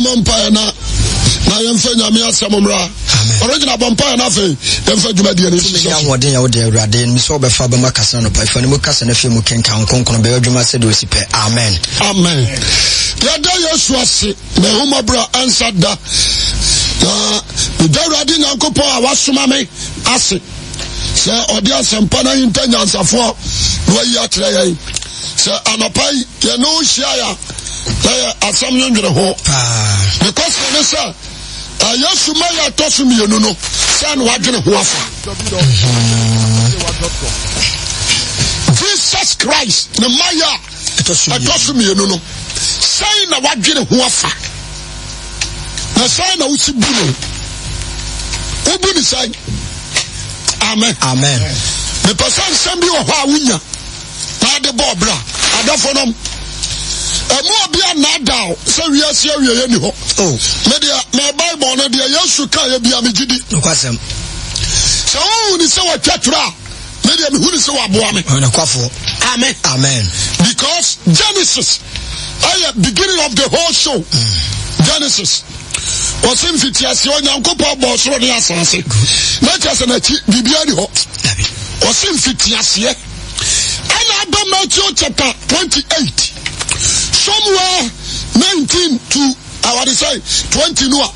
mwen pa yon na na yon fe nyan mi ansan mwen mwen orijna mwen pa yon na fe mwen fe jume diye li mwen pa yon su ase mwen mwen pa yon su ase mwen pa yon su ase mwen pa yon su ase Asam yon genye ho Nekos konen se A yesu maya atosu miye nono Se an wajine huwafa Jesus Christ Ne maya atosu miye nono Se an wajine huwafa Ne se an wisi bine O bine se Amen Ne pesan se mbi yo ha wina A de bo bla A de fonam ɛmu obi anaada o sɛ wiase awieɛ ni hɔ oh. me deɛ na bible no deɛ yesu ka yɛ bia megye di sɛ wohu ni sɛ wɔtwa twerɛ a me deɛ mehu ni sɛ wɔaboa me amen amen because genesis ɛyɛ beginning of the whole show mm. genesis wɔsɛ mfitiaseɛ onyankopɔn bɔɔ soro ne asase na kyɛ nakyi biribia ni hɔ wɔsɛ mfitiaseɛ ɛna aba matthew chapter 28 fifteen to our sɛ twenty no a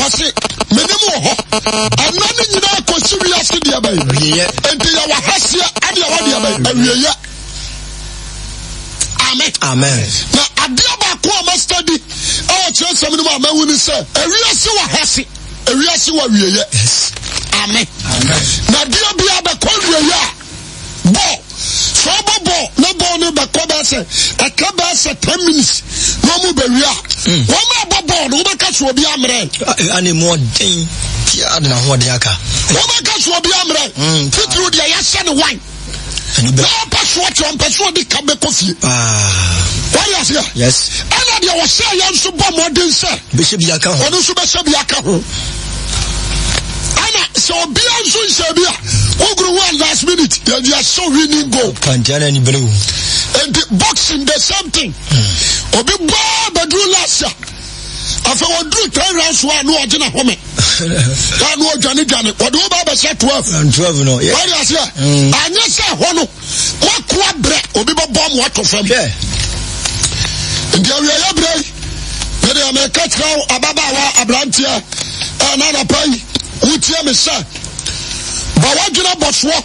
wɔsi mene mu wɔ hɔ ɛna ne nyinaa kɔsi wiase deɛ bɛyi nti yɛwɔ haseɛ ade ɛwɔ deɛ bɛyi awieyɛ amen amen na adeɛ baako a ma study ɛwɔ kyerɛ nsɛm no mu a ma wu ni sɛ ewiase wɔ hase ewiase wɔ awieyɛ amen na deɛ bi abɛkɔ awieyɛ a bɔɔ. Fè bo bo, nou bo nou bè kò bè se, e kè bè se ten minis, yon mou bè wè, yon mè bo bo, nou bè kè sou bè yon mre. A yon e, mè mwè den, pi ad nan mwè deyaka. Mwè mwè kè sou bè yon mre, fè kè wè diya yasen yon wè. Nou mpè sou atyon, mpè sou bè kè bè kò fè. Wè yon fè, an wè diya wè se, yon sou bè mwè den se, an wè sou bè sou bè yon mwè deyaka. sɛ ɔbia nso nhyɛ bi a wogoro wo last minute yɛde ahyɛ winning goal kantiana ni bere wo boxing the same thing hmm. obi baa bɛduru last a afei wɔduru three rounds wa ne ɔgyina home a ne ɔdwanedwane wɔde wo baa bɛhyɛ twelve wade aseɛ hmm. anyɛ sɛ hɔ no woakoa berɛ obi bɛbɔ mo ato fam nti awiayɛ berɛ yi mede ɛmɛka kyerɛ wo ababaawa aberanteɛ ɛnanapa yi wotie me sɛ ba wadwena bɔsoɔ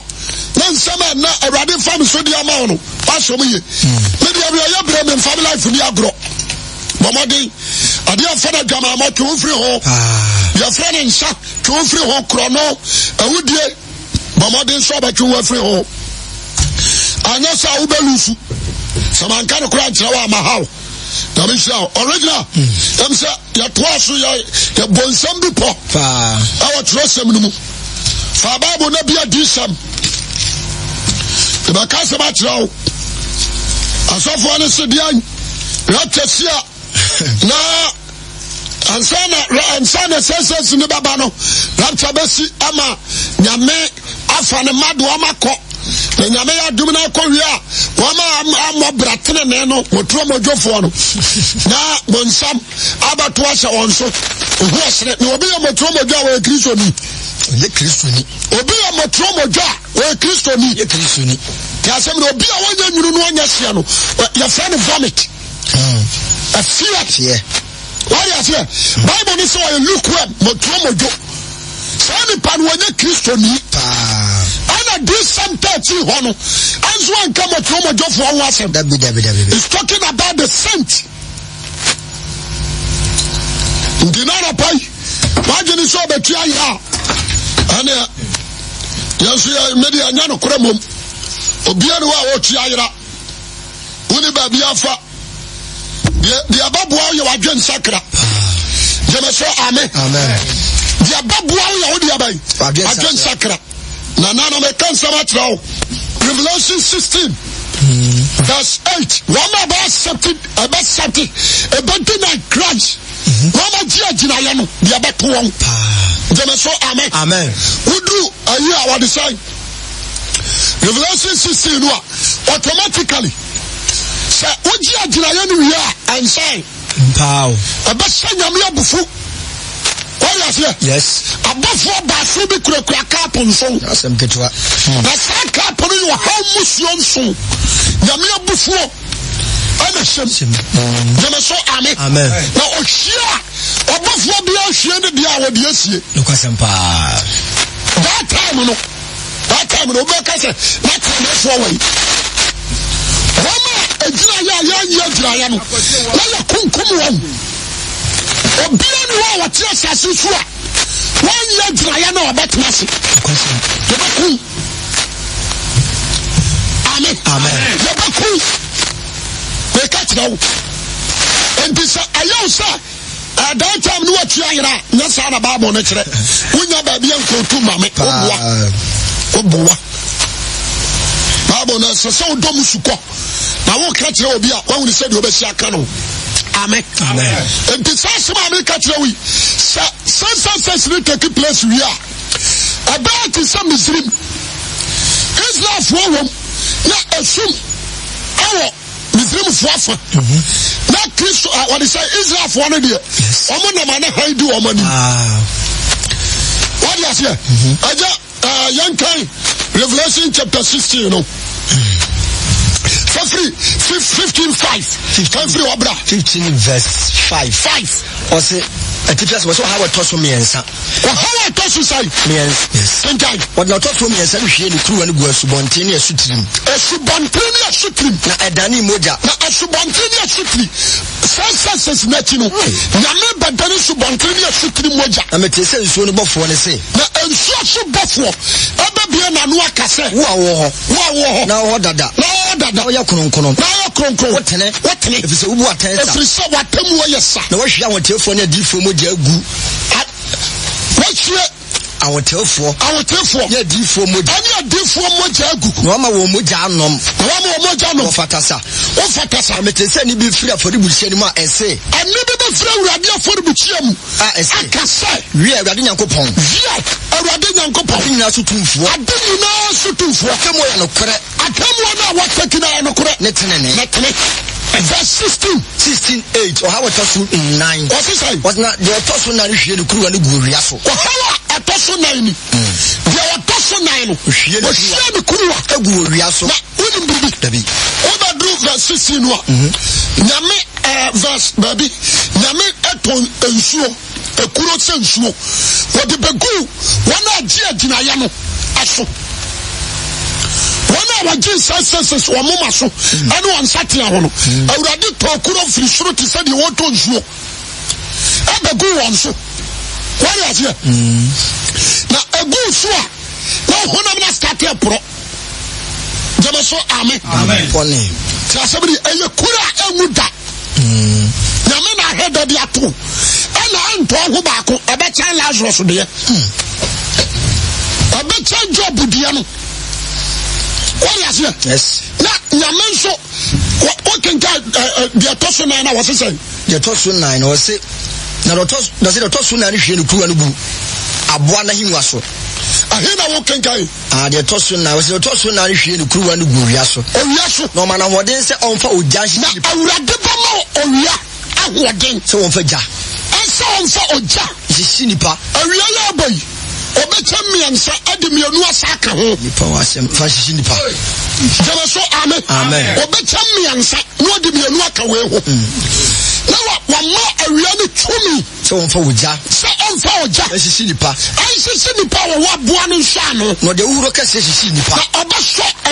na nsɛm a na awurade mfa me so de ama wo no wasɔm hmm. ye mede awie ɔyɛ berɛ me mfa me life ni agorɔ bɔmmɔden adeɛ mfa no adwamaamɔ twe wo firi ho yɛfrɛ ah. ne nsa twe wo firi ho korɔno awudie bɔmmɔden nso ɔbɛtwe wo afiri ho anyɛ sɛ wobɛlusu sɛ manka no kora nkyerɛ wo ama haw Dami chla ou. Oregna, em se, ya twa sou yoy, ya bon sem bi po. Awa chle se mnou. Faba moun e bi ya di sem. Te bakan se ma chla ou. Aso fwa ne se diyan, rap te si ya. Na, anse ane se se sinibaba nou. Rap chla be si, ama, nyame, afan e madou ama kwa. E nyame yɛ adum no akɔ wie a wɔma ammɔ bra tenene no moturo mɔdwofoɔ no na mo nsam abɛto ahyɛ wɔn so ohu ɔsere na obi yɛ moturo mɔdwo a wɔyɛ kristoni ɔyɛ kristoni obi yɛ moturo mɔdwo a wɔyɛ kristoni yɛ kristoni te asɛm na obi a wɔnyɛ nwunu no wɔnyɛ seɛ no yɛfrɛ no vomit afiateɛ hmm. wɔde aseɛ hmm. bible no sɛ ɔyɛ lukewarm moturo mɔdwo saa nipa no wɔnyɛ kristoni ɛna de sam hɔ no ɛnso anka mɔtwe ɔmɔdwɔfoɔ ho asɛm is talking about the saint nti na anapa yi wagyene sɛ ɔbɛtu ayɛ a ɛneɛ yɛnso yɛ mede ɛnyɛ nokorɛ mmom obia ne wo a wɔtu ayera wo baabi afa deɛ ɛbɛboa yɛ wadwe nsakra gyeme sɛ ame Di abe bwa ou ya ou di abe yi? Agen sakra. Nan nan an me kan sa matra ou. Rivalansin sistin. Das 8. Wan me abe asepti. Abe asepti. Abe dinay kranj. Wan me di adina yan ou. Di abe pou an. Dye men so amen. Amen. Ou do a ye awa di say. Rivalansin sistin ou a. Otomatikali. Se ou di adina yan ou ya. An say. Ta ou. Abe say nyamye ou bufou. A bofwa baswe bi kre kwa kapon son A sen ke chwa A sen kapon nou yo hou mousyon son Jami yo bofwa A men semen hmm. Jami semen A men A bofwa bi yo chen di bi a wo biye siye Nou kwa sen pa Da te moun nou Da te moun nou Mwen kwa semen Mwen kwa semen Mwen kwa semen obia ni hɔ a asase so a wɔnyɛ gyinaeɛ na ɔbɛtena ase yɛbɛku ame yɛbɛku meka kyerɛ wo enti sɛ ɛyɛ wo sɛ ɛdan tam ne watua yerɛ a nyɛ saa na baabɔ no kyerɛ wonya baabi ankɔtu ma me woboa woboa baabɔ no ɛsɛ sɛ wodɔ mu sukɔ na wokra kyerɛ obi a woahunu sɛdeɛ wobɛsi aka no Ame. Ame. En te sa siman mi katrewi, se se se si li teki ples yu ya, a be a ki se mizrim, is la fwa wam, la esum, awo, mizrim fwa fwa. La kris, wane se, is la fwa wane de, wane namane haidu wane de. Wane la se, aje, a Yankai, revelasyon chapter 60, you know. Mm. ɛfiri fifteen five. ɛfiri wɔ bra. fifteen verse five. five. ɔsi ɛtitɛ sɛ wɔsɛ ɔhaw ɛtɔ so mmiɛnsa. ɔhaw ɛtɔ so sayi. mmiɛnsa. yes ntae. wɔde ɔtɔ so mmiɛnsa ni hwie ni kuruwa ni gu asubɔnten ni asutirim. asubɔnten ni asutirim. na ɛdani mogya. na asubɔnten ni asutiri sɛnsɛnsɛs n'akyi no nyame bɛdane subɔnten ni asutiri mogya. na mɛte sɛ nsuo no bɔfoɔ ne se. na nsuo so bɔfoɔ ɛbɛbie n'ano aka sɛ. wo a wɔ hɔ. wo a wɔ hɔ. na wɔ dada. na wɔ dada. na wɔ yɛ kunu kronkron na yɛ kronkron wotene wotene efisɛ wobu atɛn sa efisɛ watamu wɔyɛ sa na wɔhwɛ a wɔn tiɛfoɔ ne adiifoɔ mu gya agu wɔhwɛ awotefoɔ. awotefoɔ. yɛ diifoɔ mogya. ɛni adiifoɔ mogya agu. na wɔma wɔn mogya anɔm. na wɔma wɔn mogya anɔm. wɔfata sa. wɔfata sa. amete sɛ ni bi firi afɔribukyia ni mu a ɛse. ɛni bi bɛ firi awurade afɔribukyia mu. a ɛse. aka sɛ. wia awurade nyanko pɔn. wia awurade nyanko pɔn. adi nyinaa so tumfuɔ. adi nyinaa so tumfuɔ. atɛmu yɛ nukurɛ. atɛmu yɛ nukurɛ. ne tenene. ne tenene verse sixteen. sixteen eight ọ̀há wọ́n tọ́ so nine. ọ̀sí sáyé. wọ́n tẹ́ná deɛ ɔtɔ so nine hwie ne kuruwa ne gu owia so. ɔhawa ɛtɔ so nine ni. Mm. deɛ ɔtɔ so nine no. ohwie ne kuruwa ohwie ne kuruwa. egu owia so. na wọ́n ni biribi. dabi. wọ́n bá dúró verse sixteen wa. Mhm. nyame ɛɛ verse baabi nyame ɛtɔn nsuo ekuro sɛ nsuo wɔde bɛgu wɔn a gye agyinayɛ no aso wɔn a wɔgye nsa sɛsɛs wɔn moma so ɛne wɔn nsa tea ho no awurade tɔ kuro firi soro te sɛ deɛ wɔtɔ nsuo ɛbɛgu wɔn so wɔre aseɛ hmm. na egu nsuo a wɔn honam na start ɛporɔ gyama so ame te asɛm de ɛyɛ kuro a ɛnwu da hmm. nyame na ahwɛ dɔ de ato ɛna ɛntɔ ho baako ɛbɛkyɛn lazarus deɛ ɛbɛkyɛn hmm. job deɛ no wọ́n yà sẹ́yẹ. na nyame nso o kìnkà diẹ tọ́ so nan na wọ́n sẹ́sẹ́. diẹ tọ́ so nan na wọ́n sẹ́ na diẹ tọ́ so nan hwẹ́ ni kuruwa ni bu aboa na hiwa so. ahe na wọ́n kìnkà yi. a diẹ tọ́ so nan wọ́n sẹ́ diẹ tọ́ so nan hwẹ́ ni kuruwa ni bu owia so. owia so. na ọmọ anahoɔden sɛ ɔnfa ogya nhyɛ. na awurade bá ma owia ahoɔden. sɛ wɔnfa gya. ɛsɛ wɔnfa ogya. sisi nipa. awia yɛ abɔ yi. Obe chan mi yansan, edi mi yonwa sa ka wewo. Nipa wase mpwa shisi nipa. Jeno so ame. Amen. Obe chan mi yansan, nou edi mi yonwa ka wewo. Nan mm. wak wame e wiyoni chumi. Se yonwa wadja. Se yonwa e e wadja. Se shisi nipa. E se shisi nipa wap wami shan wote. Wote wou loke se shisi nipa. Nan wak wane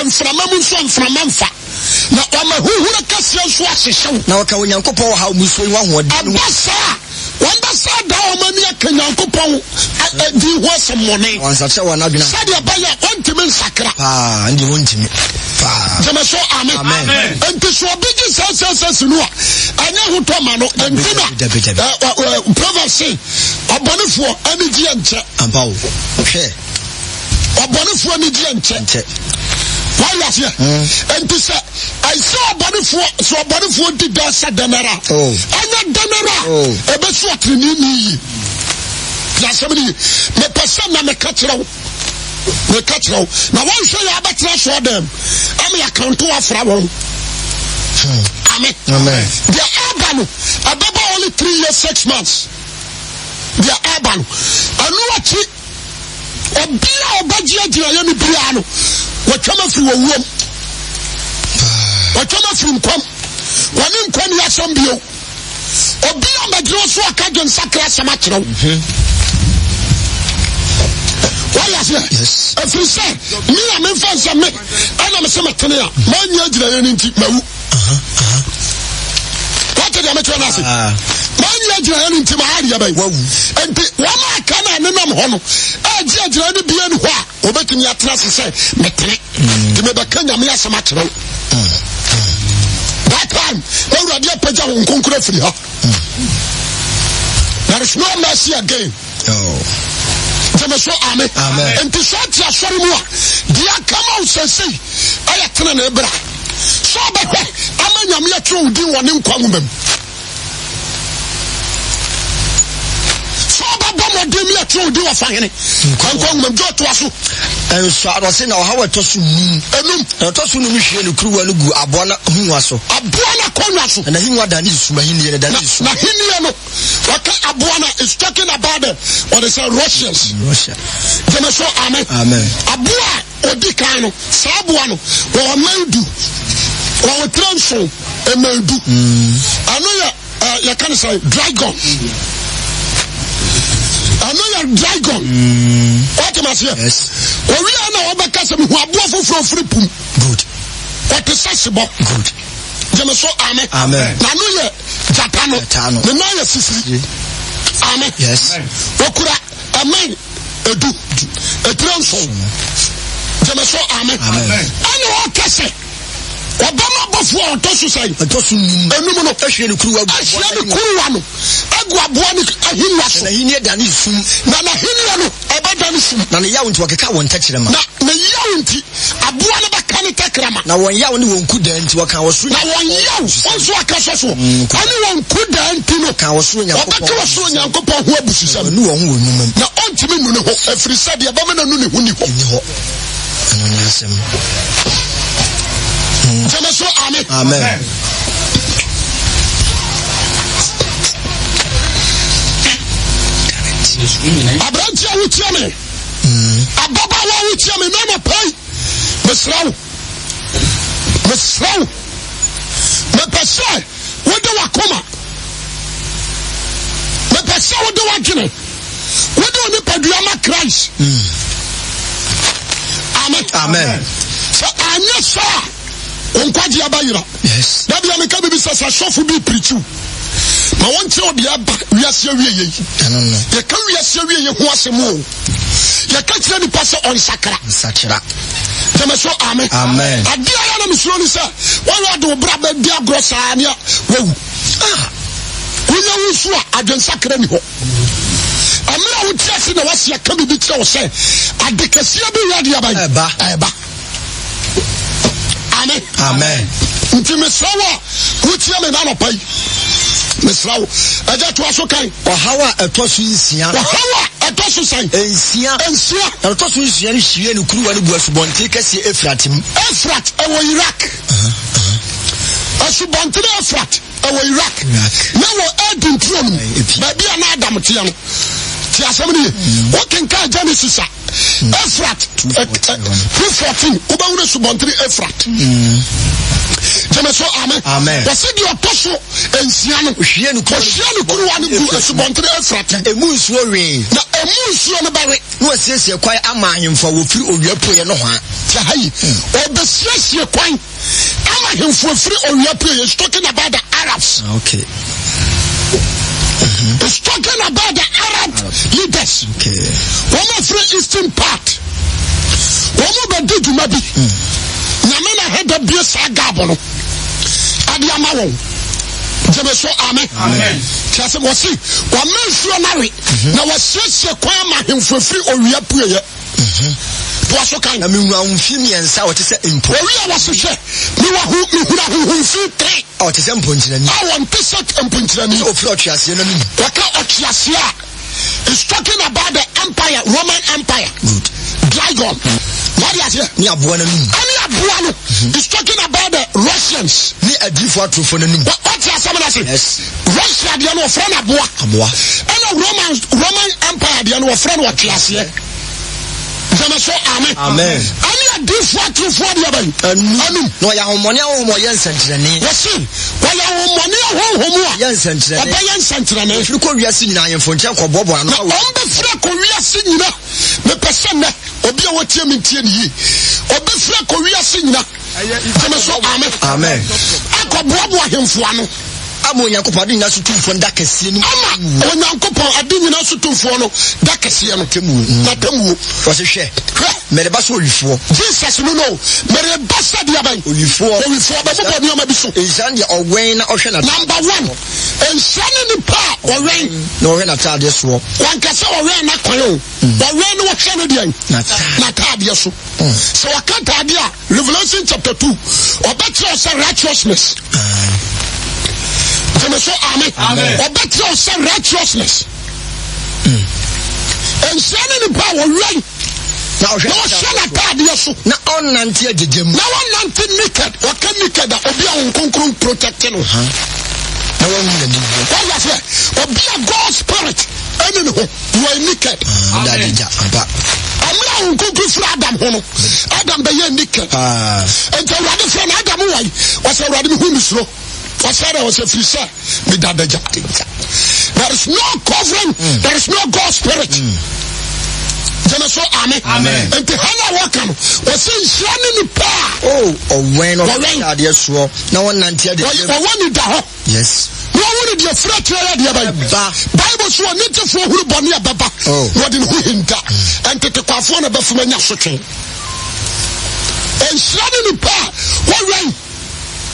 yonwa wak wane yonwa wade. An wak wane yonwa wase mpwa wane. wọn bɛ sɛ da wɔn ani aka nyankopɔn di hɔ asɛmmɔne sɛdeɛ ɛbɛyɛ ɔntumi nsakra gyeme so ame nti sɛ ɔbi gye saa sɛsɛ si no a ɛnyɛ hotɔ ma no ɛnti na proverb se ɔbɔnefoɔ ane gyeɛ nkyɛ ɔbɔnefoɔ ne gyeɛ nkyɛ Waj la fye, en ti se, oh. oh. eh a yi se wabani fwo, wabani fwo di den se denera. A yi denera, e be sotri ni ni yi. La se mi di, me pesan na me katra ou. Me katra ou. Na waj yi se yi abek la sotre ou. A mi akanto wafra wou. Ame. Ame. Di e aban ou. A bebo ou li tri ye, seks mons. Di e aban ah, ou. A nou a ti... E bila ou bej ye di la yon ni bila anou. Ou chanme fi wou woum. Ou chanme fi mkwam. Wanin mkwen yon son bi ou. Ou bila mbej nou sou akad gen sakre asa mati nou. Ou yasne. Ou frise. Mi a min fon se me. A yon ame se mati ne a. Man ye di la yon nin ti. Me ou. Wate di a me chwe nasi. Ah. Ma yon yon jen yon inti ma ari ya bay. En ti, waman akana nin nam honon. E jen jen yon biyen wak. Obe ki ni atina se se, me tre. Ti me beken yon mi asama tre. That time, yon radye peja wankon kre fri ha. Hmm. There is no mercy again. Oh. Ti me so, amen. En ti so, ti asori mwa. Di akama ou se se, a yatine nebra. So bewen, amen yon mi ati wak ni wak kwa mwen mwen. A mwen di mwen tri yon di wafan geni. Kwan kwan mwen di yon tu asu. E yon swa adwa se nou hawa yon to su. E yon to su nou mi shen yon kri wen yon gu abwana kwen yon asu. Abwana kwen yon asu. E na yon wadani yon suma yon yon yon dani yon suma. Na yon eh, yon yon wakay abwana is talking about what they say russians. Russia. Dye men so amen. Amen. Abwana o di kwa yon. Sa abwana wawan me yon di. Wawan kwen yon son. E eh, me mm. yon di. Ano uh, yon, yon kwen yon sayo, dry gun. ɛno yɛ dragon wɔtema seɛ ɔwia na wɔbɛka sɛ mehu aboa foforɔ firi pum ɔte sɛ sebɔ gyeme so ame na no yɛ gyata no ne nan yɛ sisiri ame wɔkura ɛmɛn edu etire nson Amen. Amen. ame ɛne wɔka sɛ ɔbɛma bɔfoɔ a ɔtɔ so sɛn ɔtɔ so num ɛnum no ɛhwɛ ne kuruwa gu ɛhyɛ ne kuruwa no agu aboa ne ahennwa so na n'ahennwa dane fum na n'ahennwa no ɛbɛdane fum na ne yaw nti wɔkeka wɔn tɛkyerɛma na ne yaw nti aboa no bɛka ne tɛkyerɛma na wɔn yaw ne wɔn ku dan nti wɔka wɔ soro na wɔn yaw wɔn so aka sɛ so ɛne mm, wɔn ku dan nti no ka wɔ soro nyankopɔn ɔbɛka wɔ soro nyankopɔn ho abususam na ɔnu wɔn ho wɔ numam na ɔntumi nu ne ho ɛfiri sɛ deɛ bɛma na nu ne ho ni hɔ jẹmẹ sọ amen. amen. abiranti awo tia mi ababaawa awo tia Me nana mm. pai mesirawo mesirawo mepɛsɛ wode wakoma mepɛsɛ wode wadwene wode wo nipadua ma christ mm. amen Amen. So sɛ anyɛ saa Onkwa di yaba ira. Yes. Dabi yame kebi bisansan shofu bi pritou. Ma won te o di yaba u yaseye uyeye. E non nou. E ke u yaseye uyeye ou ase mou. E ke chene ni pase on sakera. On sakera. Jeme sou amen. Amen. A di a yane mislo ni se. Wan wadou brabe di agrosa anya. Wou. Ah! Wou yane wou swa. A gen sakere ni ho. A mera wou chese nou ase ya kebi di che o se. A di kese yabe yade yaba. E ba. E ba. Amen. Unte Mesrawa, kou tiyan men nan apay. Mesrawa, edye twasyo kany. Wahawa, etos yu siyan. Wahawa, etos yu say. En siyan. En siyan. Etos yu siyan yu shiyen yu kou an yu bwa soubantye ke si Efrati mou. Efrat e woy rak. An, an. A soubantye e Efrat e woy rak. Rak. Men woy elp yu tiyan mou. Epi. Bebi an adam tiyan mou. ti asɛm no ye mm. wokenka genesis a mm. efrat two eh, fourteen eh, wobɛwuro subɔntene efrat gyeme mm. so ame wɔse deɛ ɔtɔ so nsia no ɔhyia no kuruwa no gu asubɔntene efrat ɛmu nsuo wee na ɛmu nsuo no bɛwe na wɔsiesie kwan ama ahemfo a owia pueɛ no ho a ha yi ɔbɛsiesie kwan ama ahemfo afiri owia pueɛ yɛ talking about the arabs ah, -hmm. is talking about the Arab, leaders. Wọ́n mọ̀ fún eastern part. Wọ́n mọ̀ bẹ̀ di jùmọ̀ bi. Nyame na hẹ́ dẹ̀ bíe sá gaabo no. Adi ama wɔn. Jẹ́mi sọ amẹ́. Tí a sẹ́ wọ́n si wọ́n mẹ́ nsuo náà rè. Na wọ́n siesie kwan ma ahemfo efiri owia pue yẹ boa so kan. na mewura ahomfi mmiɛnsa a ɔte sɛ mpo. owi a wɔso hwɛ mewura ho mehura ahohomfi tiri. a ɔte sɛ mponkyerɛni. E, a wɔn te sɛ mponkyerɛni. ofiri ɔtweaseɛ no nimu. wɔka ɔtweaseɛ a is talking about the empire roman empire. good. dragon. wadi aseɛ. ní aboa n'anum. ɛni aboa no. is mhm. talking about the russians. ní adifo aturufo n'anum. wɔte asɛm na se. yes. russia deɛ no wɔfrɛ no aboa. aboa. ɛna roman roman empire deɛ no wɔfrɛ no ɔtweaseɛ jẹmẹ sọ amẹ. amen. ẹni àdínfọ àtúnfọ àdìyẹ bẹyì. ẹnu. na ọ̀yà ahomọ́ni ahohomọ́ yẹ nsẹ̀ntìrẹ́ni. wọ́sí ọ̀yà ahomọ́ni ahohomọ́ a. yẹ nsẹ̀ntìrẹ́ni. ọbẹ̀ yẹ nsẹ̀ntìrẹ́ni. efiri kò wíyà sí nyina yẹn fún nkyẹn kọ na ọ̀n bẹ fura kò wíyà nyina mẹpẹ sẹ nẹ obi a wọ́n mi tiẹ̀ nìyí ọbẹ̀ fura kò wíyà sí nyina jẹmẹ sọ amen. akọ bọ́ ahemfo ano. Ama yon an koupan adi yon an sutun fwo nou, da kesye nou kem wou. Wase che, mere bas wou olifwo. Jinsa si nou nou, mere bas sa diya bay. Olifwo. Olifwo, bebo pou an yon mwabi sou. E zan diya, an wè yon nan oshe nan tou. Number one, an soni ni pa an wè yon. Nan wè nan ta diya sou. Kwanke se an wè yon nan kwa yon, an wè yon nou oshe nan diya yon. Nan ta. Nan ta diya sou. Se wakant an diya, Revelation chapter 2, wapak se osen righteousness. Ah. Te me se ame O beti yo se retrosnes Enseni ni pavon ren Yo se nata di yosu Na on nante nike Ou ke nike da Ou be a un kong kong protekte nou Ou be a God spirit Eni nou Ou e nike Amla un kong kong fna adam Adam beye nike Enke wade sen adam woy Wase wade mi hu mislo ɔsɛde ɔsɛ firi sɛ meda dagya there is no covering mm. there is no god spirit gyeme mm. so ame nti ha na no wɔsɛ nhyira ne ne paa oh, ɔwɛn adeɛ soɔ na wɔnante adeɔwɔ ne da ho? yes na ɔwo ne deɛ firi akyerɛ yɛ adeɛ bɛyɛ bible so ɔne tefoɔ huru bɔne a bɛba oh. na ɔde ne ho hinta ɛntetekwafoɔ na bɛfom anya sotwe nhyira ne ne paa wɔwɛn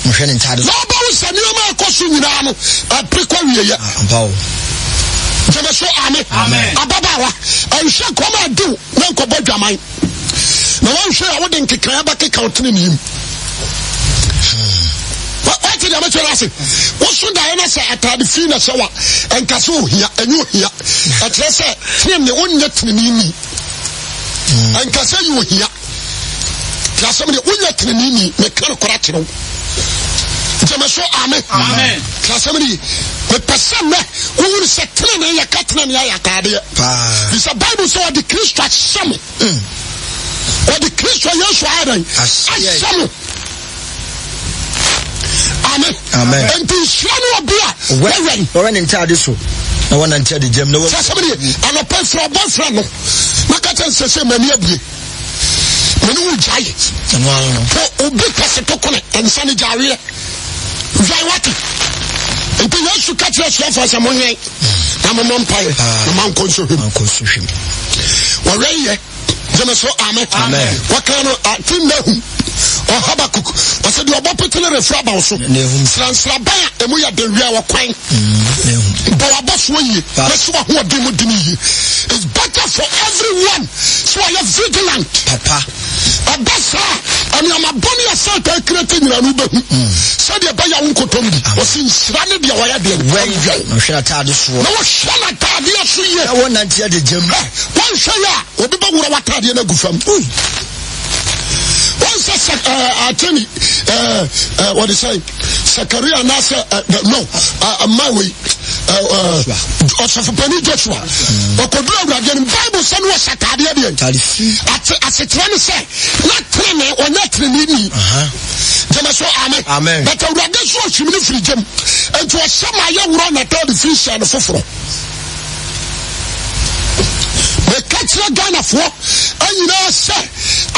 nhwɛ ne ntade. na ɔba wusa nneɛma ɛkɔ so nyinaa no ɛpere kɔ wieyɛ. abawo. so ami. ababaawa ɛnhyɛ kɔm adiw na nkɔbɔ dwaman na wɔn a wɔde nkekran ba keka ɔtene ne wɔte deɛ mɛtwerɛ ase woso daeɛ no sɛ atade fii na hyɛ wa ɛnka sɛ ohia ɛnyɛ ohia ɛkyerɛ hmm. sɛ tenene wonyɛ tenene ni ɛnka sɛ yɛ ohia te asɛm deɛ wonyɛ tenene ni meka no kora kyerɛ wo Je mè shou amè. Amè. Kla se mè di, mè pesè mè, ou ni se trene ye katnen ya yakadeye. Pa. Di se Bible se wè di Kristwa asyamou. Hmm. Wè di Kristwa yon shwa aday. Asyamou. Amè. Amè. En ti shwè nou wè biya. Wè wè. Wè wè nintè di sou. Wè wè nintè di jem nou wè. Kla se mè di, an wè pen fwa ban fwa nou. Mè katen se se mè niye biye. Meni wou jaye. Po obi pase po kone. En san di jaye. Jaye wati. En pe yon shukat yon slou fwa se mwenye. Nan mwen moun paye. Nan moun konsou shim. Wa reyye. Zeme sou ame. Wakano atim de yon. A se di wap apetile refra ba wosou. Ne yon. Sran sra bayan, emoye de rye wakwen. Ne yon. Bawa bas woye, meswa wadim wadiniye. Is better for everyone. Swaye vigilant. Papa. Ah, ah, hmm. A basa, an yama boni yasante krete nyanoude. Sade bayan wankotondi. Osin sran libya waya den. Woye yon. Mwoshe atadi swoye. Mwoshe atadi yasoye. Mwoshe atadi jem. He! Pan shoya! Obiba wawatadi ene gufem. Oye! se sakari anase nou, a uh-huh. mawi a sa fupeni djechwa, okodle ou radyen mbibo se nou a sakari adyen a se treni se la treni, o ne treni ni jeme so amen bete ou radyen sou chimi ni fridjem entwe se maye ou rana te ou di frisye ane fufro me katye gana fwo ane nan se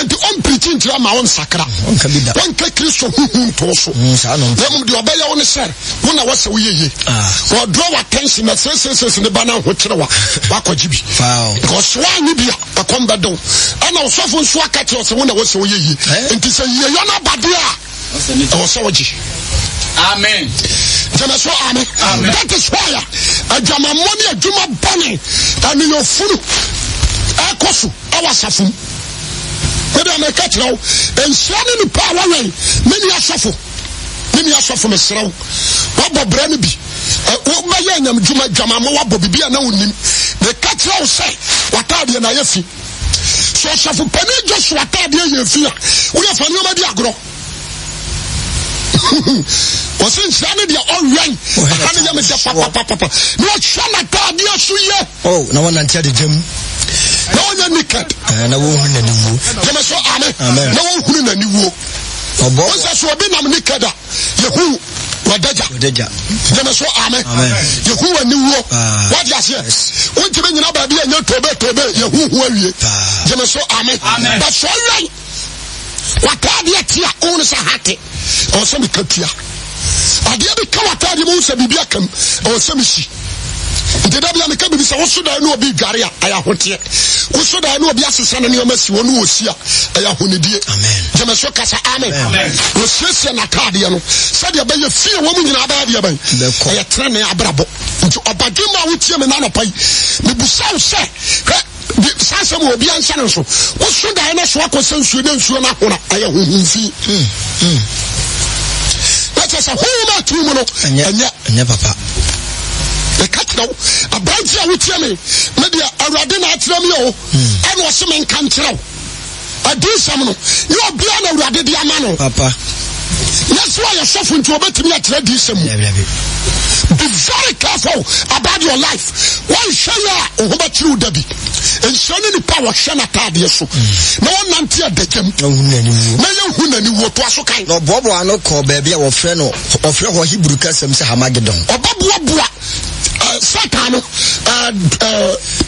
En ti om pritin ti ama on sakra On ke kriso On te wosye wyeye God wakensi me se se se se Sine banan wotrewa Wak wajibi Kwa swan nibi ya A na wosye wosye wyeye En ti se ye yon abadi ya A wosye wajibi Amen Amen A jamamoni ya juma bani A ni yo fun A wosye wosye woye E di ane ket la ou, e yiswa ni ni pa wawen, ni ni asofo. Ni ni asofo me sra ou. Wap bo bre ni bi. E ou me ye nye mjouman jamaman wap bo bi bi ane ou nimi. Ne ket la ou se, wata di enayefi. So asofo, peni e jous wata di enayefi ya. Ou ya fanyo me di agro. O sin chan ni di ya orwen. A kan ni yeme de papapapa. Ni yo chan wata di asoye. Ou, oh, nan wan nan chan di jemi? na ɔnyɛ naked eh, na wɔhunu n'ani wuo gyama sɛ ame na wɔhunu n'ani wuo wosɛ sɛ obi nam naked a yɛhu wadagya gyama sɛ ame yɛhu w'ani wuo ah. wade aseɛ wontimi nyina baabi tobe tobe. toobetobe yɛhuhu awie gyama ah. sɛ ame but sɛ ɔwɛn wataadeɛ te a wohunu sɛ hate ɛwɔ sɛ meka tua adeɛ bi ka wataadeɛ mu sɛ biribi akam ɛwɔ sɛ mehyi Dedebyan me kebi bise ou souda yon nou bi garia aya houtye. Ou souda yon nou bi asesan ane yon mesi wounou osiya aya hounidye. Amen. Jeme sou kasa amen. Amen. Ou sese nata diyan nou. Sade yon benye fiyo woun moun yon abay avyabay. Mwen kwa. Aya trennen yon abera bo. Ou jou apagin mwa houtye men nan opay. Mi bousa ou se. San se mwen ou bi ansan ane sou. Ou souda yon nou sou akonsen sou den sou yon akona. Aya houn moun si. Hmm. Hmm. Ate sa ou mwen tri moun nou. E E kat nou, abay ti ya wite me, hmm. me di a radina atre mi yo, en wase men kantrou. Adi yon sam nou, yon bi ane wade di a man nou. Papa. Yes, way yon sofun ti obet mi atre di se mou. Ebe, ebe. Di very careful about your life. Woy enche yon, ou mba ti yon dede. Enche yon ni power, enche yon atade yesou. Mwen nan ti ya deke mte. Mwen yon hounen yon, mwen yon hounen yon, mwen yon hounen yon, mwen yon hounen yon, mwen yon hounen yon, mwen yon hounen yon, mwen yon hounen yon, mwen yon hounen yon, m satan no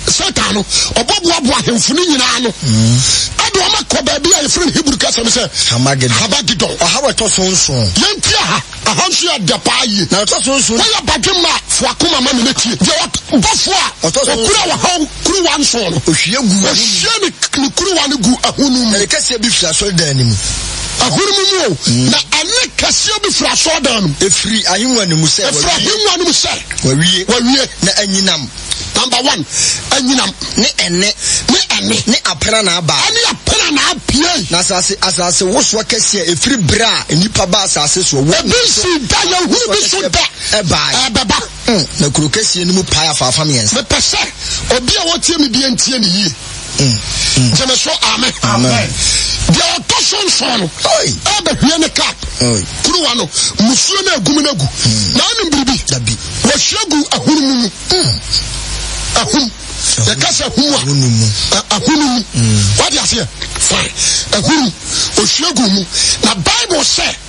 satan no ɔbɔboaboa ahemfo no nyinaa no mm-hmm. ɛde ɔma kɔ baabi a yɛfrɛ no hebrew kasɛm sɛ habagidon ɔhaw ɛtɔ so nson yɛntia ha aha nso yɛ da paa yie na ɛtɔ so nson woyɛ badwe ma foakoma ma me no tie deɛ bɔfoɔ a ɔkura wɔhaw kuruwa nson no ɔhwie gu ɔhwie ne kuruwa no gu ahonu mu ɛne kɛseɛ bi firi asɔredan no mu Hmm. A goun moun mou, nan ane kesyon bi fra so dan. E fri ayoun wany mousè. E fri ayoun wany mousè. Woy wye. Woy wye. Nan enye nam. Namba e e wan, enye nam. Ni enye. Ni enye. Ni apela nan ba. Ni apela nan api. Nan asase, asase woswa kesyen, e fri bra. E ni paba asase sou. E bi sou be, yon wou bi sou be. E bay. E be ba. Hmm, nan kouro kesyen, mou paya fwa famyen. Me pesè, obi a wote mi di entyen yi. Jeme so ame Diyo an to son son eh non? mm. A be fye ne kap Kuru an nou Moussou men egou men egou Na an mbribi Osyegou akouni moun Ekase akouni moun Akouni moun Osyegou moun Na baybo se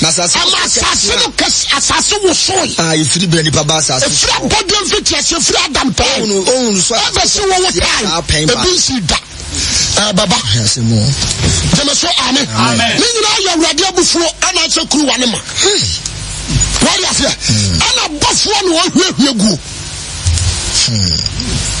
ama asase no kɛse asase wosoe ɛfiri ah, bɛ nipa ba asase ɛfiri abɔdɔ mfiri tiase ɛfiri adam pɛn ɛbɛsi wɔwɔ pɛn ebi nsi da ah, baba gyeme so ame ne nyinaa yɛ awurade abufuo anansɛ kuruwa ne ma wɔde aseɛ hmm. ɛna bɔfoɔ ne wɔhwiehwie guo hmm.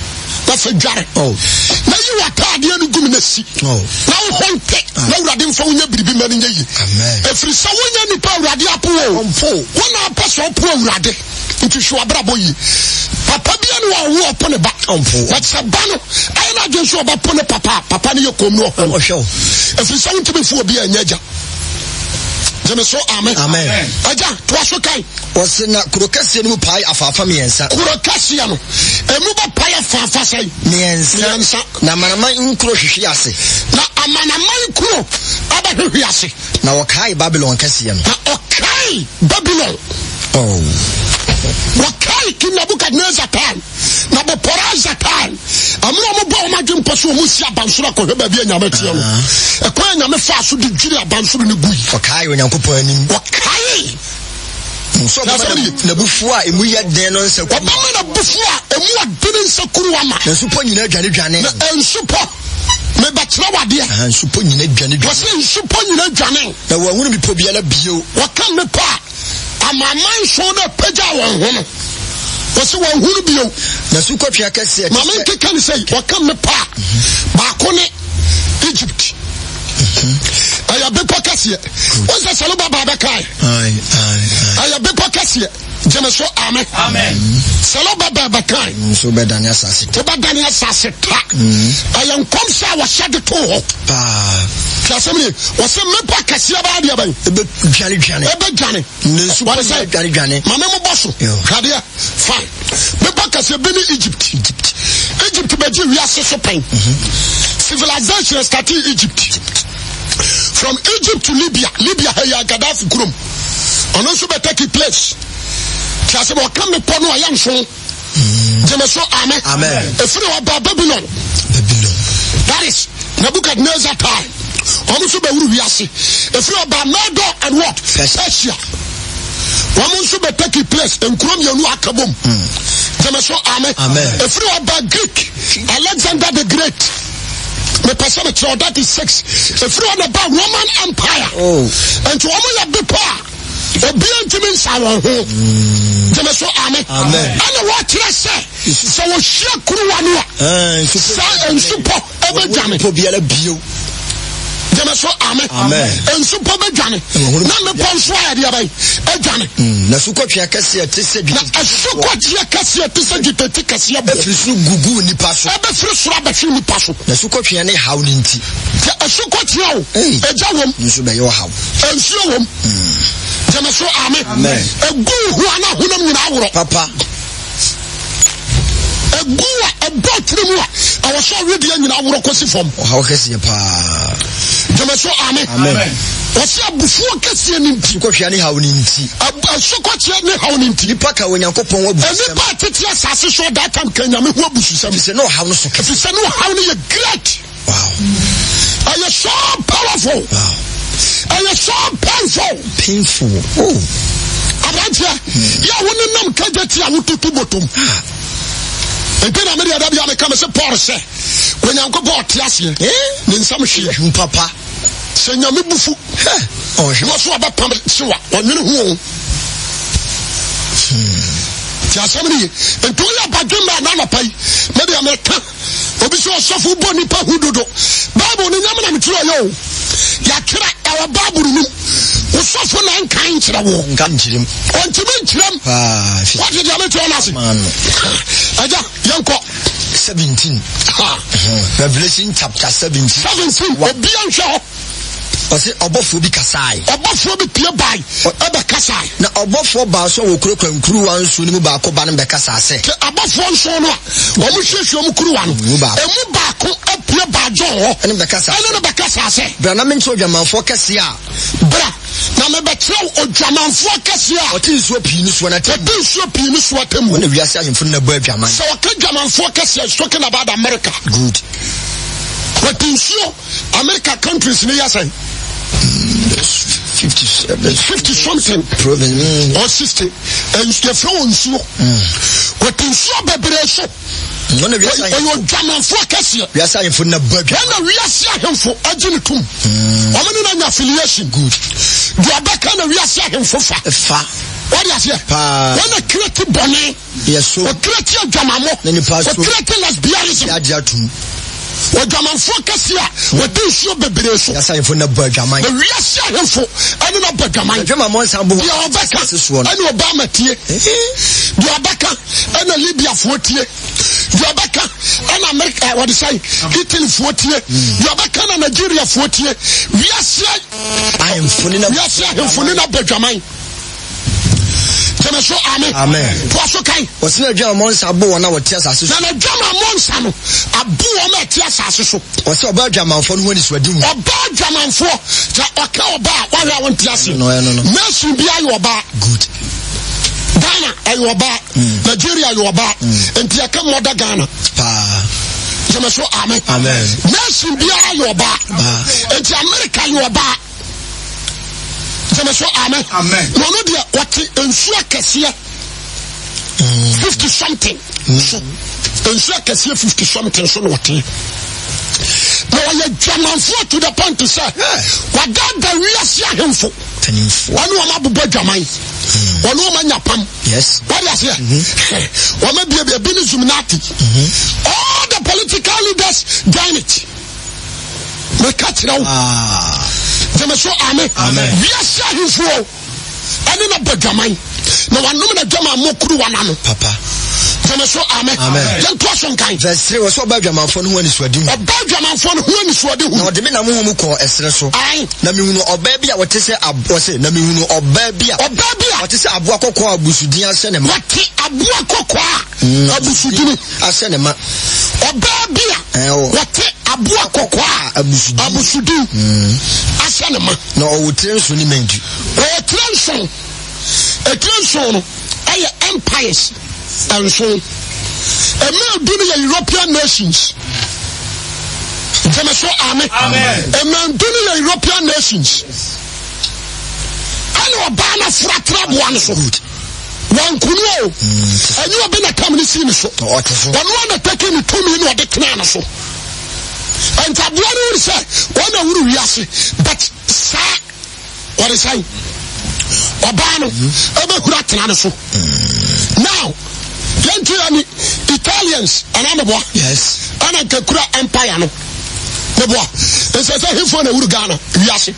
Mwen yon akade yon yon gumine si Mwen yon yon tek Mwen yon rade yon son yon bribi mwen yon yon E frisa yon yon yon pa rade yon pou Yon nan pa son pou yon rade Yon ti shwa brabo yon Pa pa bi yon yon wapone bak Mwen se bano A yon a gen shwa bak pone papa Papa ni yon kom nou E frisa yon ti mi fwo bi yon nyeja jẹmi so amen. amen. ẹja tuwa so kan. ọsẹ na kuro kẹsíẹ numu paayi afaafa mìẹnsa. kuro kẹsíẹ no emu bẹ paayi afaafa sẹyìn. mìẹnsa mìẹnsa. na amanaman nkuro hwehwe ase. na amanaman nkuro abẹ hwehwe ase. na ọkaayi babilọn kẹsíẹ no. na ọkaayi babilọn. Oh. Wakay ki mna pou kajnen zekal Mna pou pou ral zekal Ammoun mou mba omajin pwesou mwisi abansula Kohebe vye yanyame tiyan ah. Ekwene yamy fwa sou di jiri abansuli ni guy Wakay wanyan pou pwenin Wakay Mwoso mwane mwen abou fwa Mwen yadden nan sekou Mwen mwen abou fwa mwen yadden nan sekou Nsupo yine janen janen Nsupo Mwen beti na wadi Nsupo yine janen janen Wakay mwen pa A maman yon shone peja wangwono. Yon e si wangwono biyo. Maman yon keke ni se, wakam ni pa. Bakone, Egypti. Mhm. A ya bi pa kesye, ou se selo ba ba bekay. Ay, ay, ay. A ya bi pa kesye, jeme so amen. Amen. Mm-hmm. Mm, selo ba mm-hmm. ba bekay. Sebe dania sase tak. Sebe dania sase tak. A yan kom sa wa chade tou wot. A. Klasem li, wase mi pa kesye ba ade abay. Ebe gjanen. Ebe gjanen. Ne, super gjanen. Mame mou boso. Yo. Kade ya? Fai. Bi pa kesye, bi ni Egypti. Egypti. Egypti be di we a se sopen. Mm-hmm. Sivilizasyon stati Egypti. Egypti. from egypt to libya libya ɛyɛ agadafi kurom ɔno nso bɛ take place tí a sɛ bɛ ɔka mi pɔ no ɔyɛ nson jɛmɛ so amen efiri wa ba babylon that is nebuchadnezzar time ɔno nso bɛ wuru wiase efiri wa ba medo and what persia wɔn nso bɛ take place nkuro mmienu akabom hmm. jɛmɛ so amen efiri wa ba greek alexander the great. mepɛ sɛ mekyerɛ that is six ɛfiri hɔ the ba roman empire and oh. to yɛ bepɔ a obi ntumi nsa wɔn ho hmm. gyeme so ame ɛna wɔkyerɛ sɛ sɛ wɔhyia kuruwa no a eh, saa nsupɔ ɛbɛgyame gyeme so ame nsupɔ bɛdwane na mepɔ nso ayɛdeɛ bɛyi ɛdwane e mm, na sukɔtwea kɛseɛ te sɛ na asukɔtweɛ e kɛseɛ te sɛ gyitati kɛseɛ bɔ ɛfiri e soro gugu nipa so ɛbɛfiri soro abɛhwe nipa so na sukɔtwea ne haw no nti sɛ asukɔtwea wo ɛgya wom nso bɛyɛ ɔhaw nsuo wom gyeme mm. so ame ɛgu hu ana honam nyinaa worɔ papa egu a ɛbɔ tiri mu a ɛwɔ sɛ awedeɛ nyinaa worɔ kɔsi fam ɔhaw kɛseɛ paa gyama so ame wɔsɛ abufuo kɛseɛ ne nti sukɔhwea ne haw ne nti sukɔkyeɛ ne haw ne nti nipa ka onyankopɔn wabuɛnipa a tete asase so ɔdaa tam ka nyame ho abususɛm ɛfisɛ ne ɔhaw no so ɛfiri sɛ ne ɔhaw no yɛ great ɛyɛ so powerful ɛyɛ so painful painful aberanteɛ yɛ wo ne nam kagya ti a wototo botom E pina mè di adab yame kame se porse, kwen yam ko bò klasye, eh? nin sa mè shenjou papa, se nyan mè boufou, mò swa bè pan mè swa, wè nyen ou ou. Tia sa mè di, mè tou yap a jimba nan apay, mè di amè tan, obisyon sofou boni pan houdoudo, babou ni bon, nyan mè nan mè troyou, ya kira e wababou di nou. Ou sa fwen nan yon ka inti la wou? Ka inti dem. Ou inti men inti dem? A, fi. Wot yon yon yon nasi? A, man. Aja, yon kwa? Seventeen. Ha. La blessing tap ka seventeen. Seventeen? Ou biyan kya wou? ɔsi ɔbɔfoɔ bi kasae. ɔbɔfoɔ bi pie bae ɛbɛ kasae. na ɔbɔfoɔ baasa wɔ kuro kura nkuruwa nsu ne mu baako ba ne bɛ kasa ase. te abɔfoɔ nson no a wɔn hyehyɛ wɔn kuruwa no emu baako apue baajo wɔ ɛne bɛ kasa ɛne bɛ kasa ase. na mi n ti odwamanfoɔ kɛseɛ a. bra na mi bɛ kyerɛ odwamanfoɔ kɛseɛ a. ɔte nsuo pii ni soɔ na tɛmu. ɔte nsuo pii ni soɔ tɛmu. wɔn na wiase ahemfo na bɔ adwaman. sɛ wɔka about america. good. wɔte nsuo america countries ni yɛ fifty something or sixty ɛnsuafra wɔ nsuo wɔte nsuo bebree so ɔyɛ odwamanfo akɛseɛ wiase ahemfo na ba bi ɛna wiase ahemfo agye ne tom ɔmo ne na nya affiliation good deɛ ɔbɛka na wiase ahemfo fa fa wọ́n yà sẹ́. paa wọ́n na kireti bọ̀nẹ́. yẹ so o kireti adwamamọ. na nipa so o kireti lesbianism. yà á di a tun ɔdwamanfoɔ kɛse a wɔde nsuo bebree so yasayefo na bɔ adwaman wiase ahemfo ɛne na bɔ adwaman ɛne ɔbama tie eh? deɛ ɛna libiafoɔ tie deɛ ɛna amerika eh, wɔde sɛ italyfoɔ tie deɛ na nigeriafoɔ tie wiase ahemfo ne na bɔ adwaman sẹmẹ so amen. amen. tuwaso kan. wɔsi na dwa mɔnsa abo wɔn na wɔte asase so. na na dwa ma mɔnsa no abo wɔn na ɛte asase so. wɔsi ɔbaa dwamanfoɔ no wɔn ni suwadi mu. ɔbaa dwamanfoɔ ta ɔka ɔbaa wɔyɛ awon ti ase. nɔɛ nɔnɔ. mɛsi bi ayɛ ɔbaa. good. ghana ayɛ ɔbaa. Mm. nigeria ayɛ ɔbaa. Mm. nti ɛka mɔda ghana. paa. sɛmɛ so amen. amen. mɛsi bi Ba. ɔbaa. nti amerika ayɛ ɔbaa tẹmẹ mm. mm. so amen na ɔno deɛ wɔte nsuo akɛseɛ fifty something so nsuo akɛseɛ fifty something so na wɔte na wɔyɛ dwamanfoɔ to the point sɛ wɔdada wiase ahemfo wɔne wɔn abobɔ dwaman wɔne wɔn anya pam wɔde aseɛ wɔn abiebie bi ne zuminati mm-hmm. all the political leaders join it mɛka kyerɛ wo. Ah so ame wiase ahemfuo ɛne na bɔ dwaman na wanom na dwama mɔkuru wana no tẹmẹ so amẹ yẹn tó aso nkan. vẹsẹ wọ sọ ọba adwamanfo ni wọn nisuadi mu. ọba adwamanfo ni wọn nisuadi mu. na ọdẹ mi na mu hàn kọ so. ayi. na mi hunu ọbẹ bi a wọ́n ti sẹ abọ́ sẹ na mi hunu ọbẹ bi a. ọbẹ bi a. wọ́n ti sẹ abọ́ akọkọ abusudin ahyẹ ne ma. wọ́n ti abọ́ a. Mm. abusudin ahyẹ ne ma. ọbẹ bi a. wọ́n abu akɔkɔ a abusudu mm. ahyɛ ne ma. na ɔwɔ tire nson ni mɛnti. ɔwɔ tire nson etire nson no ɛyɛ empires nson ɛmɛ edu no yɛ european nations jẹmẹsọ amẹ ẹmẹndu ni yɛ european nations ɛna ɔbaa na fura tirabuwa ni so wankunu o mm. ɛnyɛ ɔbi na tam ni si ni so ɔno a na tɛki ni tumi ni ɔde tena ni so. Mm. Enta bwa nou wè se, wè nou wè yase, bet sa, wè de say, wè ba nou, e mè kura kinane sou. Nou, gen ti an it, italyans, an an mè bwa, an an kura empire nou, mè bwa. En se se, hi fwa nou wè gana, wè yase,